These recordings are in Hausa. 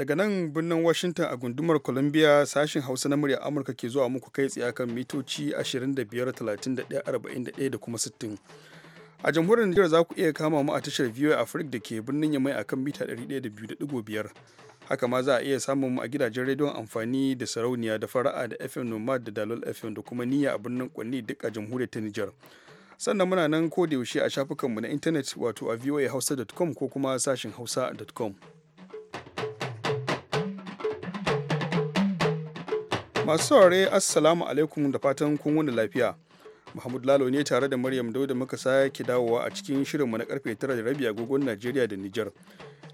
daga nan birnin washington a gundumar columbia sashen hausa na murya amurka ke zuwa muku kai tsaye kan mitoci 25 31 41 da kuma 60 a jamhuriyar Nijar za ku iya kama mu a tashar VOA Africa da ke birnin Yamai a kan mita 102.5. Haka ma za a iya samun mu a gidajen rediyon amfani da sarauniya da fara'a da FM Nomad da Dalol FM da kuma niyya a birnin kwanne duk a jamhuriyar ta Nijar. Sannan muna nan ko da yaushe a shafukanmu na intanet wato a voahausa.com ko kuma sashin hausa.com. masu saurare assalamu alaikum da fatan kun wani lafiya Muhammadu Lalo ne tare da Maryam Dauda muka sake dawowa a cikin shirinmu na karfe tara da rabi agogon Najeriya da Nijar.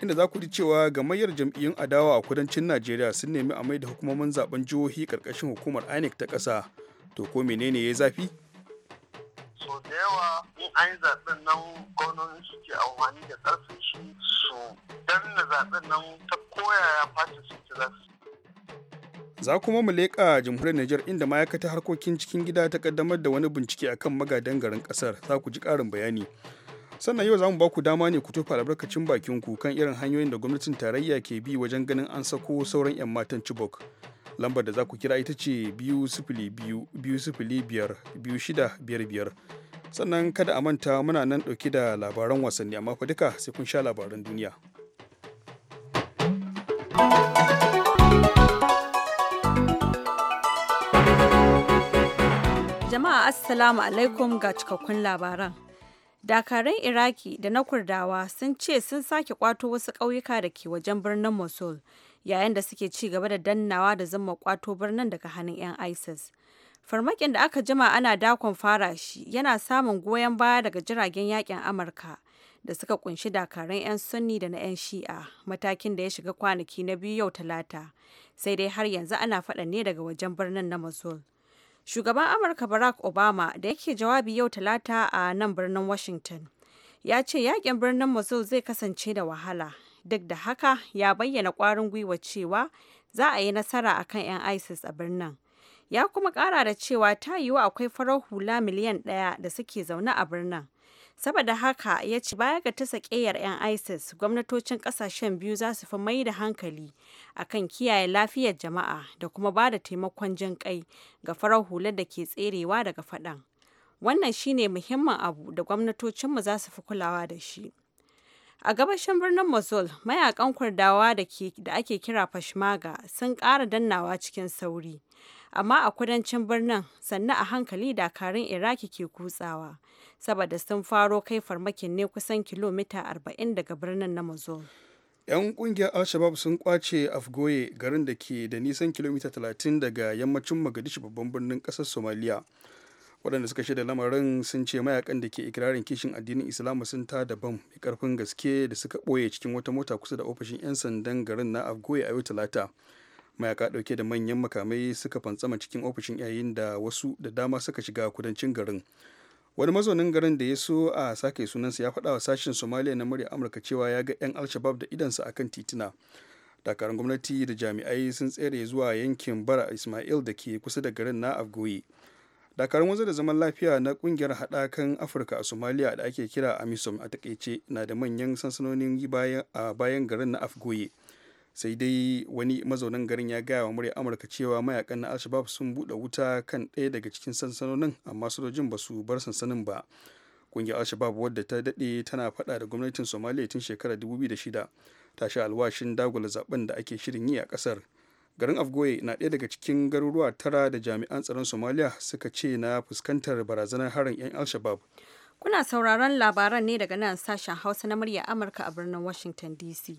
Inda za ku ji cewa gamayyar jam'iyyun adawa a kudancin Najeriya sun nemi a mai da hukumomin zaben jihohi karkashin hukumar INEC ta ƙasa. To ko menene ya zafi? So da yawa in an yi zaɓen nan su suke amfani da ƙarfin shi su danna zaɓen nan ta koyaya fatin su ke Za kuma mu leƙa jamhuriyar Nijar inda ma'aikatar harkokin cikin gida ta kaddamar da wani bincike akan magadan garin ƙasar za ku ji ƙarin bayani. Sannan yau za mu ba ku dama ne ku tofa albarkacin bakin ku kan irin hanyoyin da gwamnatin tarayya ke bi wajen ganin an sako sauran 'yan matan Chibok. Lambar da za ku kira ita ce biyu Sannan kada a manta muna nan ɗauke da labaran wasanni amma fa duka sai kun sha labaran duniya. thank you assalamu alaikum ga cikakkun labaran. dakarun Iraki da na Kurdawa sun ce sun sake kwato wasu ƙauyuka da ke wajen birnin Mosul yayin da suke ci gaba da dannawa da zama kwato birnin daga hannun 'yan ISIS. Farmakin da aka jima ana dakon fara shi yana samun goyon baya daga jiragen yakin Amurka da suka kunshi dakarun 'yan sunni da na 'yan shi'a matakin da ya shiga kwanaki na biyu yau talata sai dai har yanzu ana faɗa ne daga wajen birnin na Mosul. Shugaban Amurka Barack Obama da yake jawabi yau Talata a nan birnin Washington ya ce yakin birnin Mosul zai kasance da wahala. Duk da haka ya bayyana kwarin gwiwa cewa za a yi nasara akan 'yan ISIS a birnin. Ya kuma kara da cewa ta yiwu akwai farar hula miliyan ɗaya da suke zaune a birnin. saboda haka ya ce baya ga tasa ƙeyar 'yan isis gwamnatocin ƙasashen biyu za su fi mai da hankali akan kiyaye lafiyar jama'a da kuma ba da taimakon jin kai ga farar hular da ke tserewa daga faɗan wannan shine muhimmin abu da gwamnatocinmu za su fi kulawa da shi a gabashin birnin mosul mayakan kurdawa da ake kira fashmaga sun ƙara dannawa cikin sauri amma a kudancin birnin sannan a hankali dakarun iraki ke kutsawa saboda sun faro kai farmakin ne kusan kilomita 40 daga birnin na mosul 'yan kungiyar al-shabab sun kwace afgoye garin da ke da nisan kilomita 30 daga yammacin mogadishu babban birnin kasar somaliya waɗanda suka shaida lamarin sun ce mayakan da ke ikirarin kishin addinin islamu sun ta da bam mai karfin gaske da suka ɓoye cikin wata mota kusa da ofishin 'yan sandan garin na afgoye a yau talata mayaka dauke da manyan makamai suka fantsama cikin ofishin yayin da wasu da dama suka shiga kudancin garin wani mazaunin garin da ya so a sake sunansa ya faɗa wa sashen somaliya na murya amurka cewa ya ga 'yan alshabab da idansa kan titina dakarun gwamnati da jami'ai sun tsere zuwa yankin bara ismail da ke kusa da garin na afgoyi dakarun wanzar da zaman lafiya na kungiyar haɗakan afirka a somaliya da ake kira amisom a takaice na da manyan sansanonin bayan a bayan garin na afgoye sai dai wani mazaunin garin ya gaya wa murya amurka cewa mayakan na alshabab sun buɗe wuta kan ɗaya daga cikin sansanonin amma sojojin ba su bar sansanin ba ƙungiyar alshabab wadda ta daɗe tana faɗa da gwamnatin somaliya tun shekarar 2006 ta sha alwashin dagula zaben da ake shirin yi a ƙasar garin afgoye na ɗaya daga cikin garuruwa tara da jami'an tsaron somaliya suka ce na fuskantar barazanar harin 'yan alshabab kuna sauraron labaran ne daga nan sashen hausa na murya amurka a birnin washington dc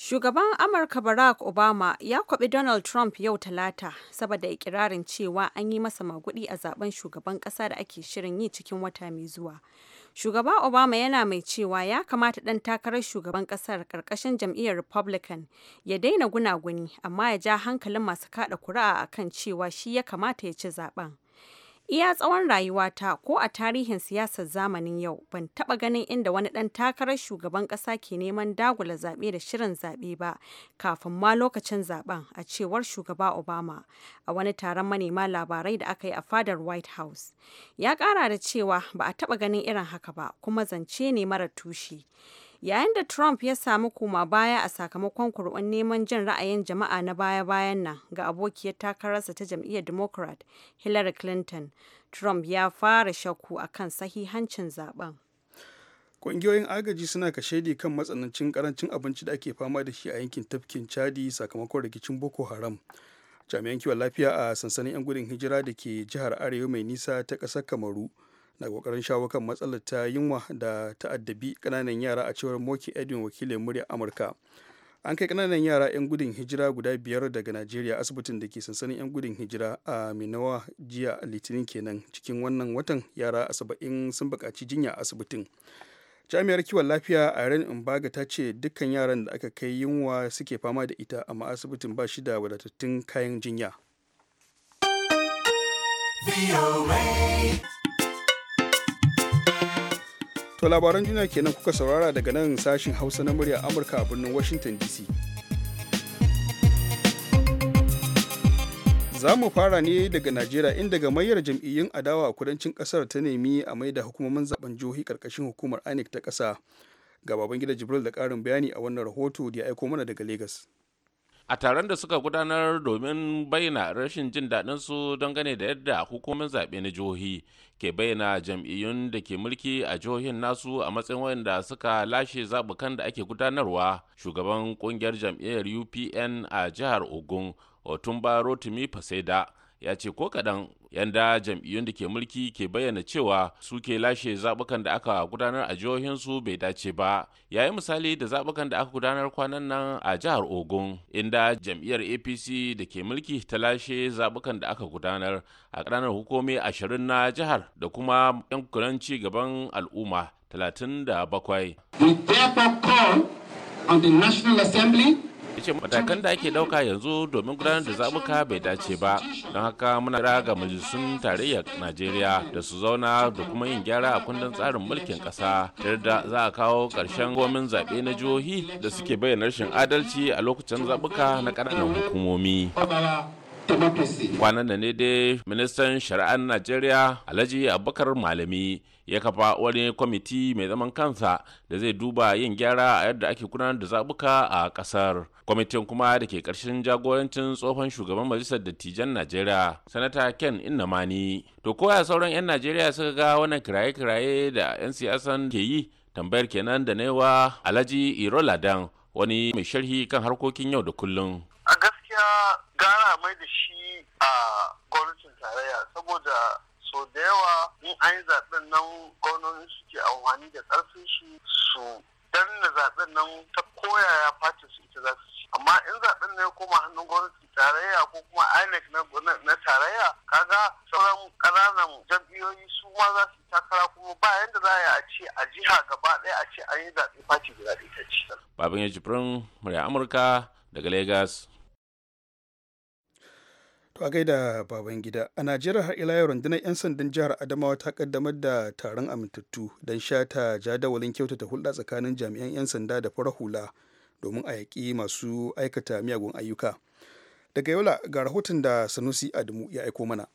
Shugaban Amurka Barack Obama ya kwaɓi Donald Trump yau Talata saboda ikirarin cewa an yi masa magudi a zaben shugaban ƙasa da ake shirin yi cikin wata mai zuwa. Shugaba Obama yana mai cewa ya kamata ɗan takarar shugaban ƙasar ƙarƙashin jam'iyyar Republican ya daina gunaguni amma ya ja hankalin masu kaɗa kuri'a akan cewa shi ya kamata ya ci zaben. Iya tsawon rayuwata ko a tarihin siyasar zamanin yau ban taɓa ganin inda wani ɗan takarar shugaban ƙasa ke neman dagula zaɓe da shirin zaɓe ba kafin ma lokacin zaɓen a cewar shugaba Obama a wani taron manema labarai da aka yi a fadar White House. Ya ƙara da cewa ba a taɓa ganin irin haka ba kuma zance ne mara tushe. Yayin da Trump ya samu koma baya a sakamakon kur'un neman jin ra'ayin jama'a na baya-bayan nan ga abokiyar takararsa ta jam'iyyar Democrat Hillary Clinton, Trump ya fara shakku kan sahihancin zaben. Ƙungiyoyin agaji suna shaidi kan matsanancin karancin abinci da ake fama da shi a yankin tafkin Chadi sakamakon rikicin Boko Haram. Jami'an kiwon lafiya a sansanin 'yan gudun hijira da ke jihar Arewa mai nisa ta ƙasar Kamaru. na kokarin shawo kan matsalar ta yunwa da ta'addabi kananan yara a cewar moki edwin wakilin murya amurka an kai kananan yara 'yan gudun hijira guda biyar daga najeriya asibitin da ke sansanin 'yan gudun hijira a minowa jiya litinin kenan cikin wannan watan yara asabain sun bukaci jinya asibitin jami'ar kiwon lafiya a yaren imbaga ta ce dukkan yaran da aka kai yunwa suke fama da ita amma asibitin ba shi da wadatattun kayan jinya. To labaran duniya kenan kuka saurara daga nan sashin Hausa na murya Amurka a birnin Washington DC. Za mu fara ne daga Najeriya inda gamayyar jam'iyyun adawa a kudancin kasar ta nemi a mai da hukumomin zaben jihohi karkashin hukumar INEC ta ƙasa. Ga babangida gida Jibril da ƙarin bayani a wannan rahoto da ya aiko mana daga Legas. a taron da suka gudanar domin bayyana rashin jin daɗin su gane da yadda hukumomin zaɓe na jihohi ke bayyana jam'iyyun da ke mulki a jihohin nasu a matsayin wayanda suka lashe zabukan da ake gudanarwa shugaban ƙungiyar jam'iyyar upn a jihar ogun otumba rotimi faseda ya ce ko kaɗan yanda jam'iyyun da ke mulki ke bayyana cewa su ke lashe zaɓukan da aka gudanar a jihohinsu bai dace ba ya misali da zabukan da aka gudanar kwanan nan a jihar ogun inda jam'iyyar apc da ke mulki ta lashe zaɓukan da aka gudanar a ƙananan hukumi ashirin na jihar da kuma yankunan ci gaban al'umma talatin da bakwai. We therefore call on the National Assembly ya ce matakan da ake dauka yanzu domin gudanar da zabuka bai dace ba don haka muna kira ga majalisun tarayyar najeriya da su zauna da kuma yin gyara a kundin tsarin mulkin kasa da za a kawo karshen gomin zaɓe na jihohi da suke bayyana rashin adalci a lokacin zabuka na ƙananan hukumomi democracy. Kwanan da ne dai ministan shari'ar Najeriya Alhaji Abubakar Malami ya kafa wani kwamiti mai zaman kansa da zai duba yin gyara a yadda ake gudanar da zabuka a kasar. Kwamitin kuma da ke ƙarshen jagorancin tsohon shugaban majalisar dattijan Najeriya, Sanata Ken Innamani. To koya sauran 'yan Najeriya suka ga wannan kiraye-kiraye da 'yan siyasan ke yi tambayar kenan da newa Alhaji Iroladan wani mai sharhi kan harkokin yau da kullum. A gaskiya gara mai da shi a gwamnatin tarayya saboda so da yawa in an yi zaɓen nan gwamnoni suke amfani da ƙarfin shi su danna zaɓen nan ta koyaya fata su ita za su ci amma in zaɓen nan ya koma hannun gwamnati tarayya ko kuma inec na tarayya kaga sauran ƙananan jam'iyyoyi su ma za su takara kuma ba yadda za a yi a ce a jiha gaba ɗaya a ce an yi zaɓe fati guda ɗaya ta ci. Babin Yajibirin Murya Amurka daga Lagos. To a gaida baban gida, a Najeriya har ila yau rundunar 'yan sandan jihar Adamawa ta kaddamar da taron amintattu don shata jadawalin kyautata hulɗa tsakanin jami'an 'yan sanda da fara hula domin a yaƙi masu aikata miyagun ayyuka. Daga yola ga rahoton da Sanusi Adamu ya aiko mana.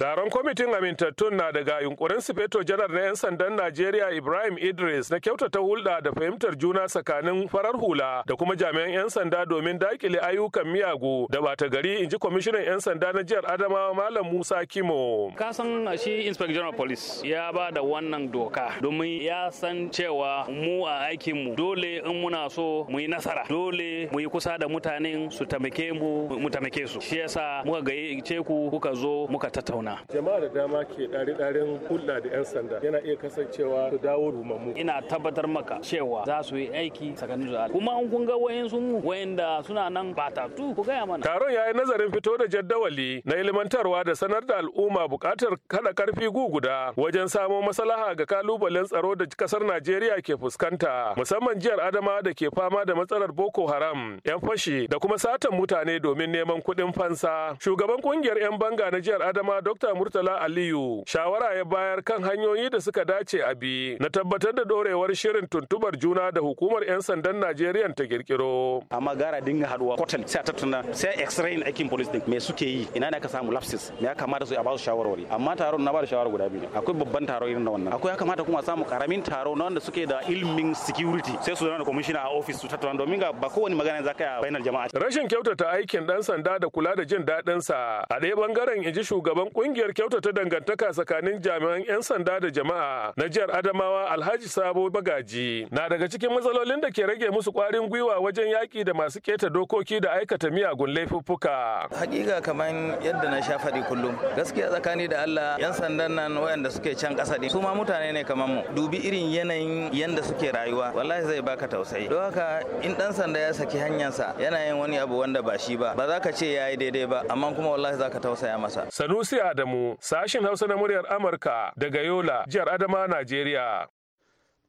Taron kwamitin amintattun na daga yunkurin sufeto janar na 'yan sandan Najeriya Ibrahim Idris na kyautata hulɗa da fahimtar juna tsakanin farar hula da kuma jami'an 'yan sanda domin dakile ayyukan miyagu da bata gari in ji kwamishinan 'yan sanda na jihar Adamawa Malam Musa Kimo. Ka san shi Inspector General Police ya ba da wannan doka domin ya san cewa mu a aikin mu dole in muna so mu yi nasara dole mu yi kusa da mutanen su taimake mu mu taimake su. Shi yasa muka gayyace ku kuka zo muka tattauna. jama'a da dama ke ɗari-ɗarin hulɗa da 'yan sanda yana iya kasancewa su dawo rumammu ina tabbatar maka cewa za su yi aiki tsakanin da kuma an kun ga sun? mu wayanda suna nan batatu ku gaya mana taron yayi nazarin fito da jaddawali na ilmantarwa da sanar da al'umma buƙatar kada karfi guguda wajen samo maslaha ga kalubalen tsaro da kasar Najeriya ke fuskanta musamman jihar Adama da ke fama da matsalar Boko Haram 'yan fashi da kuma satan mutane domin neman kuɗin fansa shugaban ƙungiyar 'yan banga na jihar Adama Dr. Dr. Murtala Aliyu shawara ya bayar kan hanyoyi da suka dace a bi na tabbatar da dorewar shirin tuntubar juna da hukumar 'yan sandan Najeriya ta kirkiro. Amma gara dinga haduwa kwatan sai a tattuna sai x-ray aikin police din me suke yi ina ne aka samu lapses me ya kamata su a ba su shawarwari amma taron na ba da shawara guda biyu akwai babban taro irin na wannan akwai ya kamata kuma a samu karamin taro na wanda suke da ilimin security sai su zama da commissioner a office su tattuna domin ga ba kowane magana za ka yi a bainar jama'a. Rashin kyautata aikin dan sanda da kula da jin daɗinsa a ɗaya bangaren in ji shugaban kungiyar kyautata dangantaka tsakanin jami'an 'yan sanda da jama'a na jihar Adamawa Alhaji Sabo Bagaji na daga cikin matsalolin da ke rage musu kwarin gwiwa wajen yaƙi da masu keta dokoki da aikata miyagun laifuffuka. Hakika kamar yadda na sha faɗi kullum gaskiya tsakani da Allah 'yan sandan nan wayanda suke can ƙasa ɗin su ma mutane ne kamar mu dubi irin yanayin yanda suke rayuwa wallahi zai baka tausayi don haka in ɗan sanda ya saki hanyarsa yana yin wani abu wanda ba shi ba ba za ka ce ya yi daidai ba amma kuma wallahi za ka tausaya masa. Sanusi Adamu, sashin Hausa na muryar Amurka daga Yola, jihar Adama, Najeriya.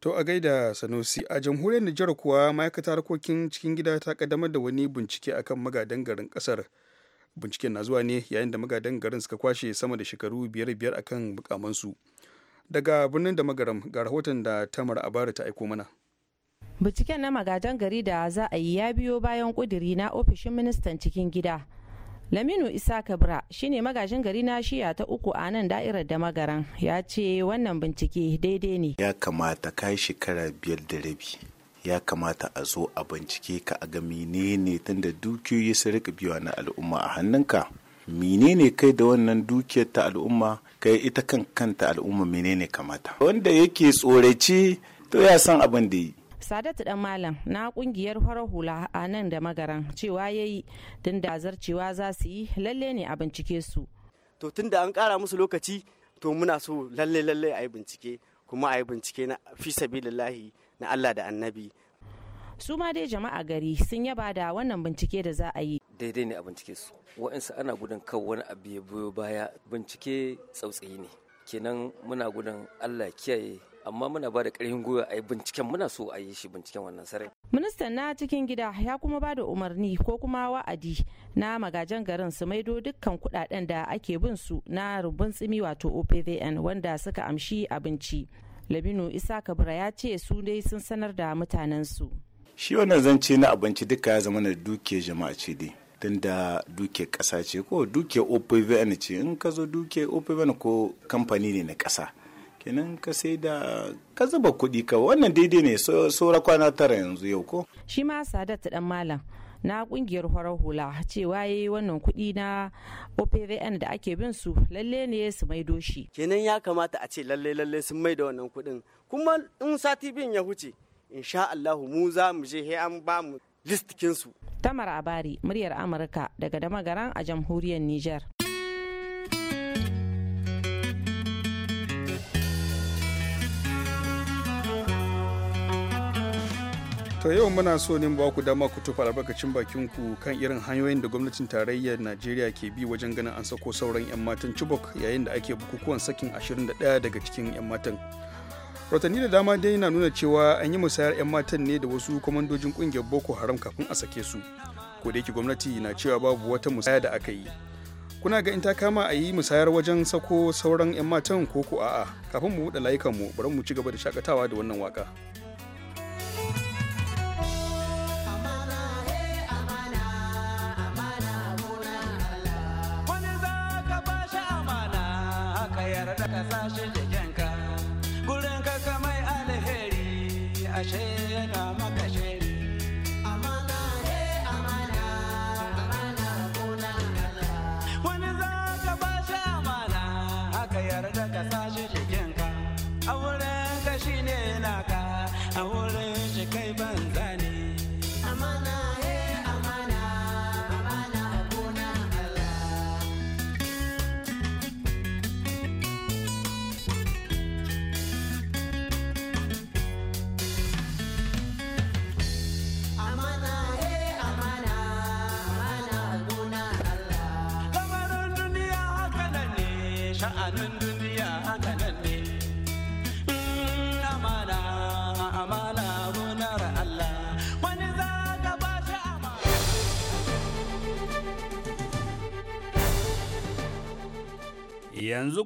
To a gaida Sanusi, a jamhuriyar Nijar kuwa ma'aikatar harkokin cikin gida ta kaddamar da wani bincike akan magadan garin kasar. Binciken na zuwa ne yayin da magadan garin suka kwashe sama da shekaru biyar biyar akan mukamansu. Daga birnin da magaram ga rahoton da Tamar Abara ta aiko mana. Binciken na magadan gari da za a yi ya biyo bayan ƙudiri na ofishin ministan cikin gida. Laminu Isa Kabra shine magajin gari na shiya ta uku a nan da'irar da magaran ya ce wannan bincike daidai ne. Ya kamata kai shekara biyar da rabi. Ya kamata a zo a bincike ka a ga menene tunda dukiyoyi su rika biyawa na al'umma a hannunka. Menene kai da wannan dukiyar ta al'umma kai ita kan kanta al'umma menene kamata. Wanda yake tsoraci to ya san abin da yi. sadatu dan malam na kungiyar farar hula a nan da magaran cewa ya yi tun da zarcewa za su yi lalle ne a bincike su to tun da an kara musu lokaci to muna so lalle lalle a yi bincike kuma a yi bincike na fi sabilillahi na allah da annabi su ma dai jama'a gari sun yaba da wannan bincike da za a yi daidai ne a bincike su wa'insu ana gudun kan wani abu ya biyo baya bincike tsautsayi ne kenan muna gudun allah kiyaye amma muna ba da ƙarfin gwiwa a yi binciken muna so a yi shi binciken wannan sarai. ministan na cikin gida ya kuma ba da umarni ko kuma wa'adi na magajan garin su maido dukkan kudaden da ake bin su na rubun tsimi wato opvn wanda suka amshi abinci labinu isa kabra ya ce su dai sun sanar da mutanensu. shi wannan zance na abinci duka ya zama na duke jama'a ce dai tun da duke ƙasa ce ko duke opvn ce in ka zo duke opvn ko kamfani ne na kasa kenan ka sai da ka zuba kuɗi ka wannan daidai ne saura kwana tara yanzu yau ko shi ma sadat dan malam na kungiyar horar hula cewa ya yi wannan kuɗi na opvn da ake bin su lalle ne su maido shi kenan ya kamata a ce lalle lalle sun maida wannan kuɗin kuma in sati bin ya huce insha allahu mu za mu je he an ba mu listikin su tamar abari muryar amurka daga damagaran a jamhuriyar niger To yau muna so ne ba ku dama ku tufa albarkacin bakin ku kan irin hanyoyin da gwamnatin tarayyar Najeriya ke bi wajen ganin an sako sauran 'yan matan Chibok yayin da ake bukukuwan sakin 21 daga cikin 'yan matan. Rotanni da dama dai na nuna cewa an yi musayar 'yan matan ne da wasu kwamandojin kungiyar Boko Haram kafin a sake su. Ko da yake gwamnati na cewa babu wata musaya da aka yi. Kuna ga in ta kama a yi musayar wajen sako sauran 'yan matan ko ku a'a kafin mu buɗe layukan mu bari mu ci gaba da shakatawa da wannan waka. raka sashi jikinka gurin kaka mai alheri ashe yana maka shiri amana he amana amana kuna Allah wani za ka bashi amana haka yarda ka sashi jikinka a wurin ka shine naka a wurin shi kai ban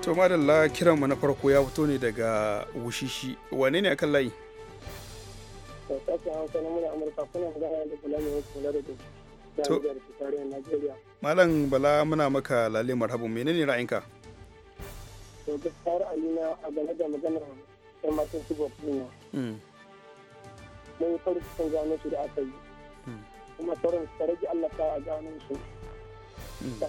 to madalla kiranmu na farko ya fito ne daga wushishi wane ne akan layi Malam Bala muna maka lalle marhabu menene ra'ayinka? To gaskiya alina a game da maganar yan matan su babu hmm. mun Mun farko sun gano su da aka yi. Hmm. Kuma sauran su rage Allah ta a gano shi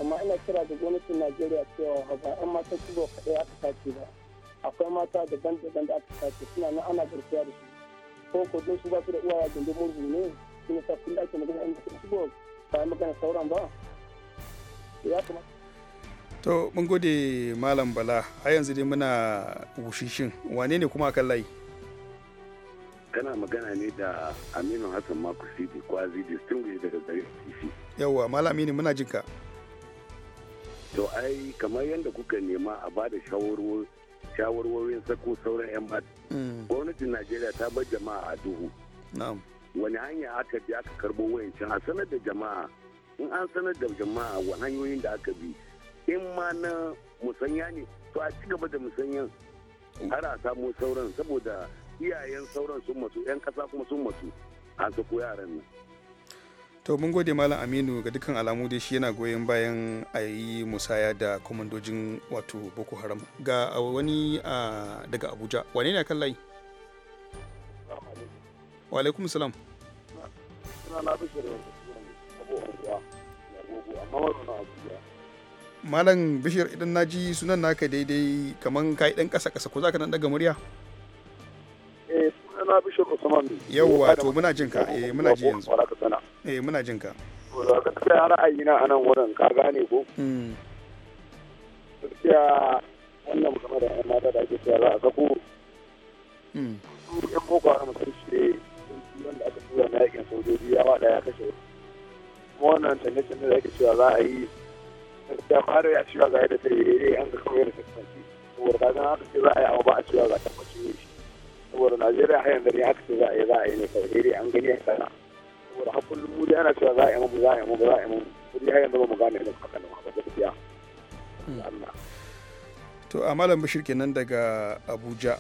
amma ina kira da gwamnatin najeriya cewa ba 'yan mata kibo kaɗai aka sace ba akwai mata daban-daban da aka sace suna nan ana garkuwa da su ko ko don su ba su da uwaya gindin murhu ne su ne sabbin da ake magana 'yan mata kibo ba a magana sauran ba ya kamata to mun gode malam bala a yanzu dai muna wushishin wane ne kuma akan layi kana magana ne da aminu hassan da kwazi distinguished daga gari yawwa malam ne muna jinka to ai kamar yadda kuka nema a ba bada shawarwarin sako sauran 'yan ba mm. gwamnatin najeriya ta bar jama'a a duhu wani hanya aka bi aka karbo wayancin a sanar da jama'a in an sanar da jama'a wa hanyoyin da aka bi in ma na musanya ne to a ci gaba da musanyan har a samu sauran saboda iyayen sauran sun masu 'yan kasa kuma sun masu an sako yaran nan to mun gode malam aminu ga dukkan alamu dai shi yana goyon bayan a yi musaya da kwamandojin wato boko haram ga wani daga abuja wane ne kan layi wa salam malam bishir idan na ji sunan naka daidai kaman ka yi dan kasa kasa ko za ka nan daga murya sunana Bishir Usman. Yawwa to muna jin ka eh muna ji yanzu. Eh muna jin ka. Gaskiya ra'ayi na anan wurin ka gane ko? Hmm. Gaskiya wannan da yan mata da ake za a sako. Hmm. Su boko haram sun ce aka tura na yakin sojoji ya wada ya kashe. Kuma wannan canje-canje da ake cewa za a yi gaskiya fara ya ga yadda ta yi daidai eh, ga kawai da kasance. Saboda ka gana ce za a yi abu ba a cewa ga shi. saboda najeriya har yanzu ne haka za a yi za a yi ne kawai daidai an gani haka na saboda har kullum mu ana cewa za a yi mu za a yi mu za a yi mu kudi har yanzu ba mu gane irin haka nan ba gaskiya hmm. Allah to a malam bashir kenan daga abuja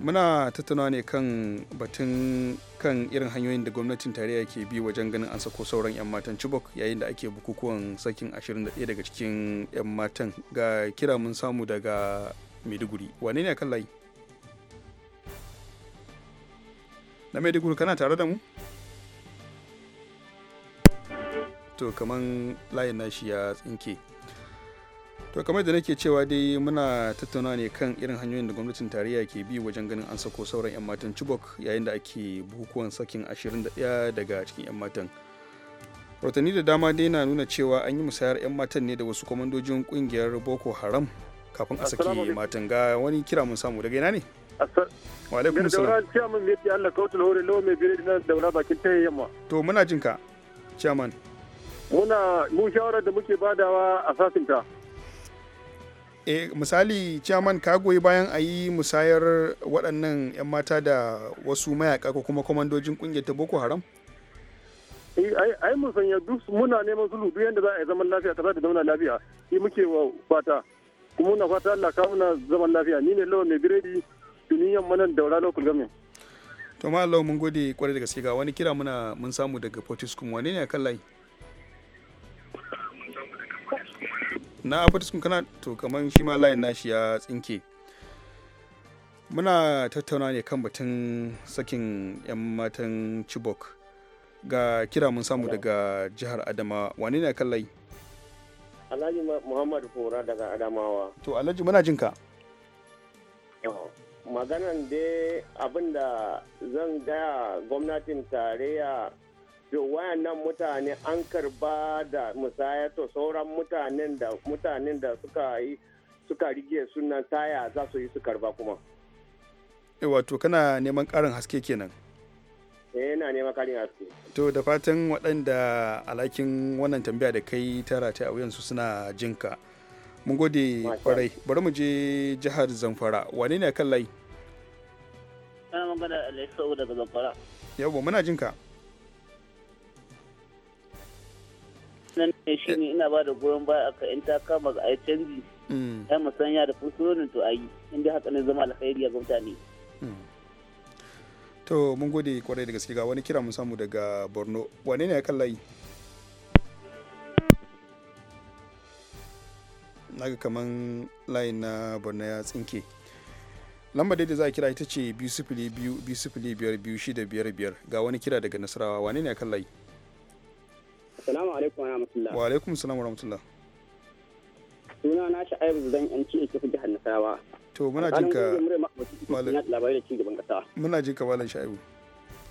muna tattauna ne kan batun kan irin hanyoyin da gwamnatin tarayya ke bi wajen ganin an sako sauran 'yan matan chibok yayin da ake bukukuwan sakin 21 daga cikin 'yan matan ga kira mun samu daga maiduguri wane ne a kan layi na maiduguri kana tare da mu to kaman layin nashi ya tsinke to kamar da nake cewa dai muna tattauna ne kan irin hanyoyin da gwamnatin tarayya ke bi wajen ganin an sako sauran 'yan matan chibok yayin da ake bukuwan sakin 21 daga cikin 'yan matan rahotanni da dama dai na nuna cewa an yi musayar 'yan matan ne da wasu kwamandojin kungiyar boko haram kafin a sake matan ga wani kira mun samu daga ina ne wa alaikum salam daura chairman ne ya Allah kautul hore lawa mai bire na daura bakin ta yamma to muna jin ka chairman muna mu shawara da muke badawa a ta. e misali chairman ka goyi bayan a yi musayar waɗannan 'yan mata da wasu mayaka ko kuma kwamandojin ƙungiyar ta boko haram eh, ai mun sanya duk muna neman sulhu duk yadda za a yi zaman lafiya ta da zauna lafiya shi muke wa fata kuma muna fata Allah ka muna zaman lafiya ni ne lawan mai biredi ni yamma nan daura local gami. to ma Allah mun gode kwarai da gaske ga wani kira muna mun samu daga Fortiskum wane ne akan layi na Fortiskum kana to kamar shi ma layin nashi ya tsinke muna tattauna ne kan batun sakin 'yan matan chibok ga kira mun samu daga jihar adama wane ne kan layi alhaji Muhammadu fura daga adamawa to alhaji muna jinka maganan dai da zan gaya gwamnatin tarayya to wayannan mutane an karba da musaya to sauran mutanen da mutanen da suka yi suka rige sunan taya za su yi su karba kuma eh, wato kana neman karin haske kenan eh na neman karin haske to da fatan waɗanda alakin wannan tambaya da kai tara ta a su suna jinka mun gode kwarai bari mu je jihar zamfara wane ne kan layi magana Alhaji daga Zamfara. muna jin ka. Nan ne shi ne ina ba da goyon baya aka in ta kama ga ayi canji. Mm. Ai musanya da fursunonin to ayi inda haka ne zama alkhairi ga mutane. Mm. To mun gode kwarai da gaske ga wani kira mun samu daga Borno. Wane ne ya naga kaman layin na borno ya tsinke lambar da za a kira ita ce 2 0 2 0 5 2 6 biyar biyar ga wani kira daga nasarawa wane ne akan layi assalamu alaikum wa rahmatullah wa alaikum salam wa rahmatullah suna na ayyar zan yan ci ke fi jihar nasarawa to muna jin ka labarai da kasa muna jin ka malam sha'ibu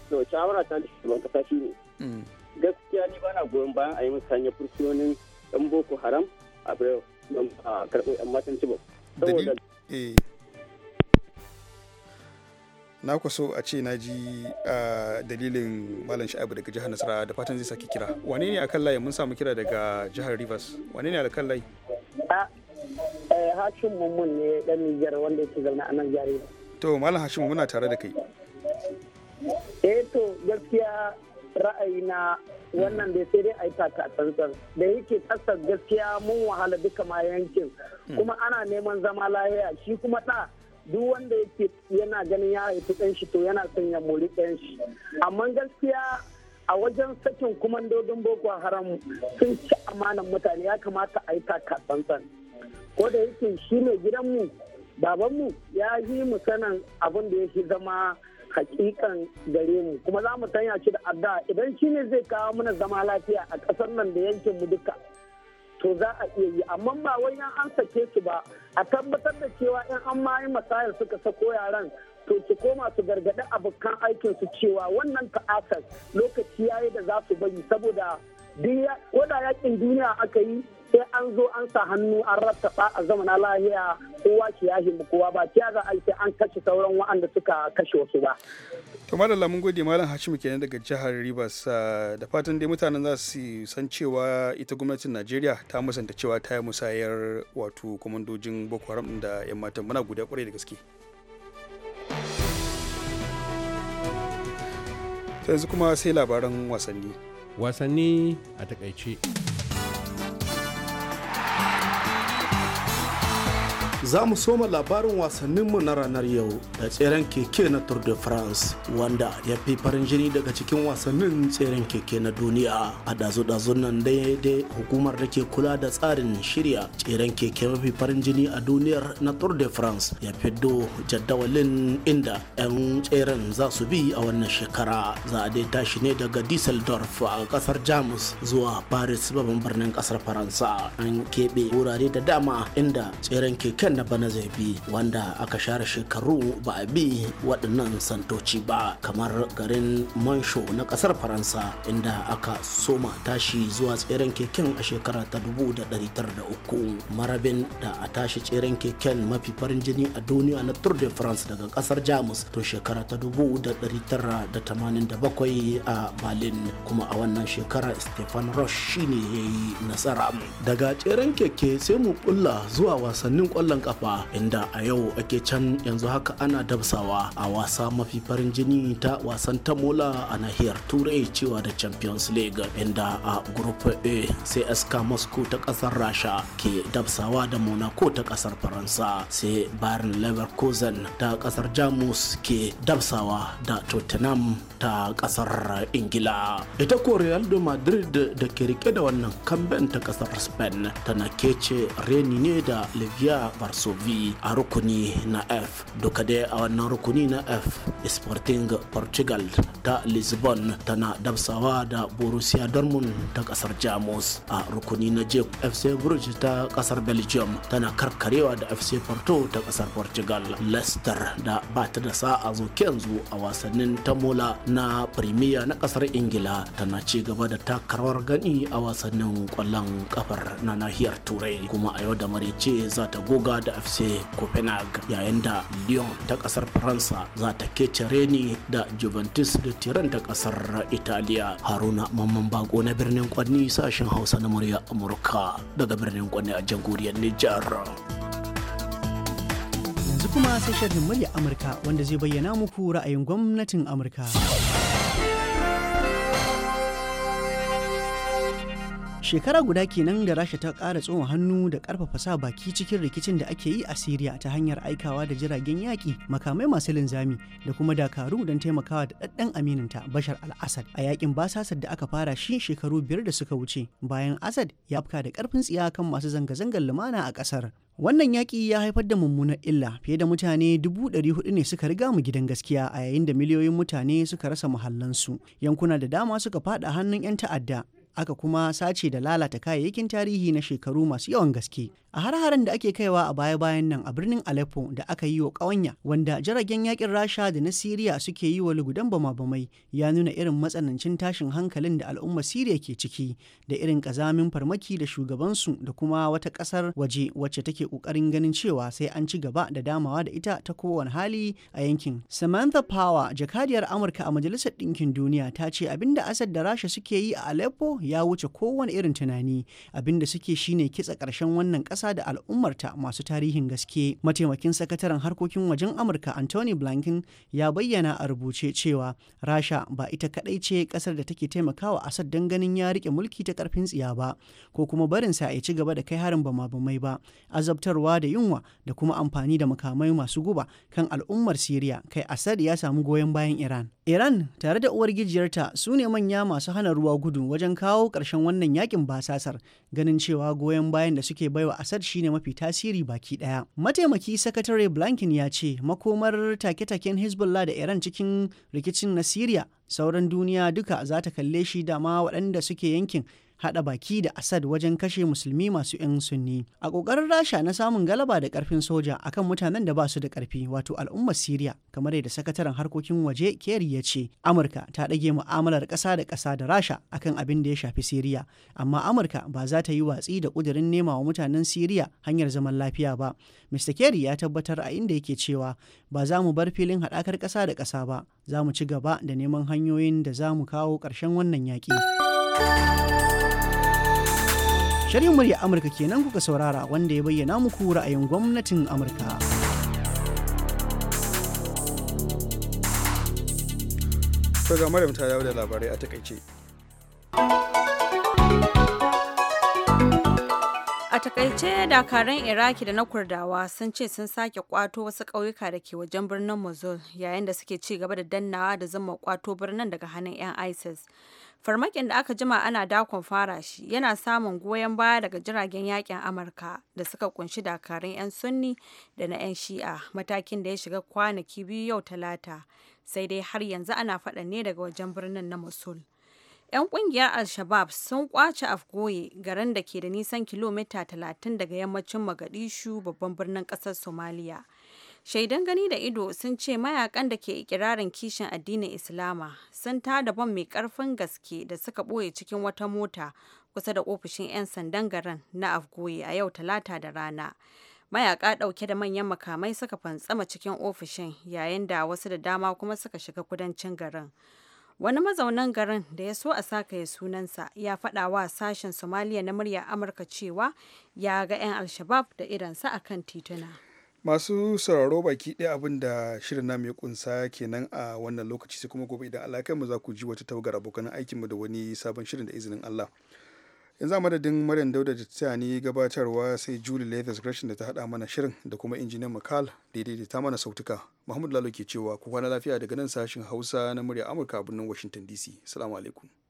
to shawara ta da shugaban kasa ne. Mm. gaskiya ni bana goyon bayan a yi musanya fursiyonin yan boko haram a karɓo yan matan cibo saboda eh. na ku so a ce na ji dalilin malam sha'abu daga jihar nasara da fatan zai sake kira wane ne akan layi mun samu kira daga jihar rivers wane ne akan layi ah, eh, hashin mummun ne dan nijar wanda yake zaune a nan jari to malam hashin muna tare da kai eh to gaskiya na wannan da sai dai a yi taka tantan da yake tsatsar gaskiya mun wahala duka ma yankin hmm. kuma ana neman zama lahiya shi kuma ɗa duk wanda yake yana ganin ya haifi ɗan shi to yana son ya mori ɗan shi amma gaskiya a wajen sakin kumandodin boko haram sun ci amanan mutane ya kamata a yi taka tsantsan ko da yake shi ne gidanmu babanmu ya yi mu sanin abin da yake zama hakikan gare mu kuma za mu sanya shi da addu'a idan shi ne zai kawo mana zama lafiya a ƙasar nan da yankin mu duka to za a iya yi amma ba wai yan an sake su ba a tabbatar da cewa yan an ma yi masayar suka sako yaran to su koma su gargaɗi abokan aikin su cewa wannan ta'asar lokaci yayi da za su bari saboda duk ko da yakin duniya aka yi sai an zo an sa hannu an rattafa a zamana lahiya kowa ke mu kowa ba ta za a an kashe sauran wa'anda suka kashe wasu ba. to malam mun gode malam hashim kenan daga jihar rivers ah, da fatan dai mutanen za su san cewa ita gwamnatin najeriya ta musanta cewa ta yi musayar wato kwamandojin boko haram da yan matan muna guda kwarai da gaske. yanzu kuma sai labaran wasanni wasanni a takaice za mu soma labarin wasanninmu na ranar yau da tseren keke na tour de france wanda ya fi farin jini daga cikin wasannin tseren keke na duniya a dazu-dazun nan daidai hukumar da ke kula da tsarin shirya tseren keke mafi farin jini a duniyar na tour de france ya fiddo jadawalin inda 'yan tseren za su bi a wannan shekara za a dai tashi ne daga düsseldorf a kasar jamus zuwa paris babban birnin kasar faransa an keɓe wurare da dama inda tseren keken na bana zai wanda aka share shekaru ba a bi waɗannan santoci ba kamar garin mansho na ƙasar faransa inda aka soma tashi zuwa tseren keken a shekara ta 1903 marabin da a tashi tseren keken mafi farin jini a duniya na tour de france daga ƙasar jamus to shekara ta 1987 a berlin kuma a wannan shekara stefan rush shine ya yi nasara daga tseren keke sai mu kulla zuwa wasannin ƙwallon kafa inda a yau ake can yanzu haka ana dabsawa a wasa mafi farin jini ta wasan tamola a nahiyar turai cewa da champions league inda a group a sai sk moscow ta kasar rasha ke dabsawa da monaco ta kasar faransa sai bayern leverkusen ta kasar jamus ke dabsawa da tottenham ta kasar ingila ita ko real de madrid da ke rike da wannan kamben ta kasar spain tana kece reni ne da livia so V a rukuni na f duka dai a wannan rukuni na f sporting portugal ta lisbon tana dabsawa da borussia dortmund ta kasar jamus a rukuni na j fc bruges ta kasar belgium tana karkarewa da fc porto ta kasar portugal leicester da ba ta da sa'a zoke yanzu a wasannin tamola na premier na kasar ingila tana ci gaba da takarwar gani a wasannin kwallon kafar na nahiyar turai kuma a yau da marece za ta goga da FC Copenhagen yayin da Lyon ta kasar Faransa za ta kece reni da Juventus da Tiran ta kasar Italiya. Haruna Mamman Bako na birnin Kwanni sashen Hausa na murya Amurka daga birnin Kwanni a jamhuriyar Nijar. Yanzu kuma sai shirin murya Amurka wanda zai bayyana muku ra'ayin gwamnatin Amurka. shekara guda kenan da rasha ta kara tsohon hannu da karfafa sa baki cikin rikicin da ake yi a siriya ta hanyar aikawa da jiragen yaƙi makamai masu linzami da kuma dakaru don taimakawa da ɗaɗɗan amininta bashar al-assad a yaƙin basasar da aka fara shi shekaru biyar da suka wuce bayan assad ya afka da karfin tsiya kan masu zanga-zangar lumana a ƙasar Wannan yaƙi ya haifar da mummunar illa fiye da mutane dubu ɗari hudu ne suka riga mu gidan gaskiya a yayin da miliyoyin mutane suka rasa muhallansu. Yankuna da dama suka fada hannun 'yan ta'adda aka kuma sace da lalata kayayyakin tarihi na shekaru masu yawan gaske a har-haren da ake kaiwa a baya-bayan nan a birnin Aleppo da aka yi wa ƙawanya wanda jiragen yakin Rasha da na Siriya suke yi wa lugudan bama-bamai ya nuna irin matsanancin tashin hankalin da al'umma Siriya ke ciki da irin ƙazamin farmaki da shugabansu da kuma wata ƙasar waje wacce take ƙoƙarin ganin cewa sai an ci gaba da damawa da ita ta kowane hali a yankin. Samantha Power jakadiyar Amurka a Majalisar Ɗinkin Duniya ta ce abinda Asad da Rasha suke yi a Aleppo ya wuce kowane irin tunani abinda suke shine kitsa ƙarshen wannan ƙasa da al'ummarta masu tarihin gaske mataimakin sakataren harkokin wajen amurka anthony blanken ya bayyana a rubuce cewa rasha ba ita kaɗai ce ƙasar da take taimakawa asad don ganin ya riƙe mulki ta karfin tsiya ba ko kuma barinsa ya ci gaba da kai harin bamabamai ba azabtarwa da yunwa da kuma amfani da makamai masu guba kan al'ummar siriya kai asad ya samu goyon bayan iran iran tare da uwargijiyarta su ne manya masu hana ruwa gudu wajen kawo kawo ƙarshen wannan yakin basasar ganin cewa goyon bayan da suke baiwa Assad shine mafi tasiri baki ɗaya. Mataimaki sakatare blankin ya ce makomar take-taken Hezbollah da Iran cikin rikicin na Siriya sauran duniya duka za ta kalle shi da ma waɗanda suke yankin haɗa baki da asad wajen kashe musulmi masu 'yan sunni. A ƙoƙarin Rasha na samun galaba da ƙarfin soja akan mutanen da ba su da ƙarfi wato al'ummar Siriya kamar yadda sakataren harkokin waje Kerry ya ce Amurka ta ɗage mu'amalar ƙasa da ƙasa da Rasha akan abin da ya shafi Siriya amma Amurka ba za ta yi watsi da ƙudurin nema wa mutanen Siriya hanyar zaman lafiya ba. Mr. Kerry ya tabbatar a inda yake cewa ba za mu bar filin haɗakar ƙasa da ƙasa ba za mu ci gaba da neman hanyoyin da za mu kawo ƙarshen wannan yaƙi. Shirin murya Amurka kenan kuka saurara wanda ya bayyana muku ra'ayin gwamnatin Amurka. To da ta dawo da labarai a takaice. A takaice dakaran Iraki da na Kurdawa sun ce sun sake kwato wasu ƙauyuka da ke wajen birnin Mosul yayin da suke ci gaba da dannawa da zama kwato birnin daga hannun 'yan ISIS. farmakin da aka jima ana dakon fara shi yana samun goyon baya daga jiragen yakin amurka da suka kunshi dakarun 'yan sunni da na 'yan shi'a matakin da ya shiga kwanaki biyu yau talata sai dai har yanzu ana faɗan ne daga wajen birnin na mosul 'yan kungiyar al-shabab sun kwace afgoye garin da ke da nisan kilomita 30 daga yammacin magadishu babban birnin ƙasar somaliya Shaidan gani da ido sun ce mayakan da ke ikirarin kishin addinin Islama sun tada bom mai karfin gaske da suka ɓoye cikin wata mota kusa da ofishin 'yan sandan garin na Afgoye a yau talata da rana. Mayaka ɗauke da manyan makamai suka fantsama cikin ofishin yayin da wasu da dama kuma suka shiga kudancin garin. Wani mazaunan garin da ya so a sakaye sunansa ya faɗa wa sashen Somaliya na muryar Amurka cewa ya ga 'yan Alshabab da irinsa a kan tituna. masu sauraro baki ɗaya abin da shirin namu ya kunsa kenan a wannan lokaci sai kuma gobe idan Allah mu za ku ji wata tawagar abokan aikinmu da wani sabon shirin da izinin Allah yanzu a madadin Maryam Dauda da ta ni gabatarwa sai Julie Leathers Gresham da ta haɗa mana shirin da kuma injiniyan Makal daidai da ta mana sautuka Muhammadu Lalo ke cewa ku kwana lafiya daga nan sashin Hausa na murya Amurka a birnin Washington DC salamu alaikum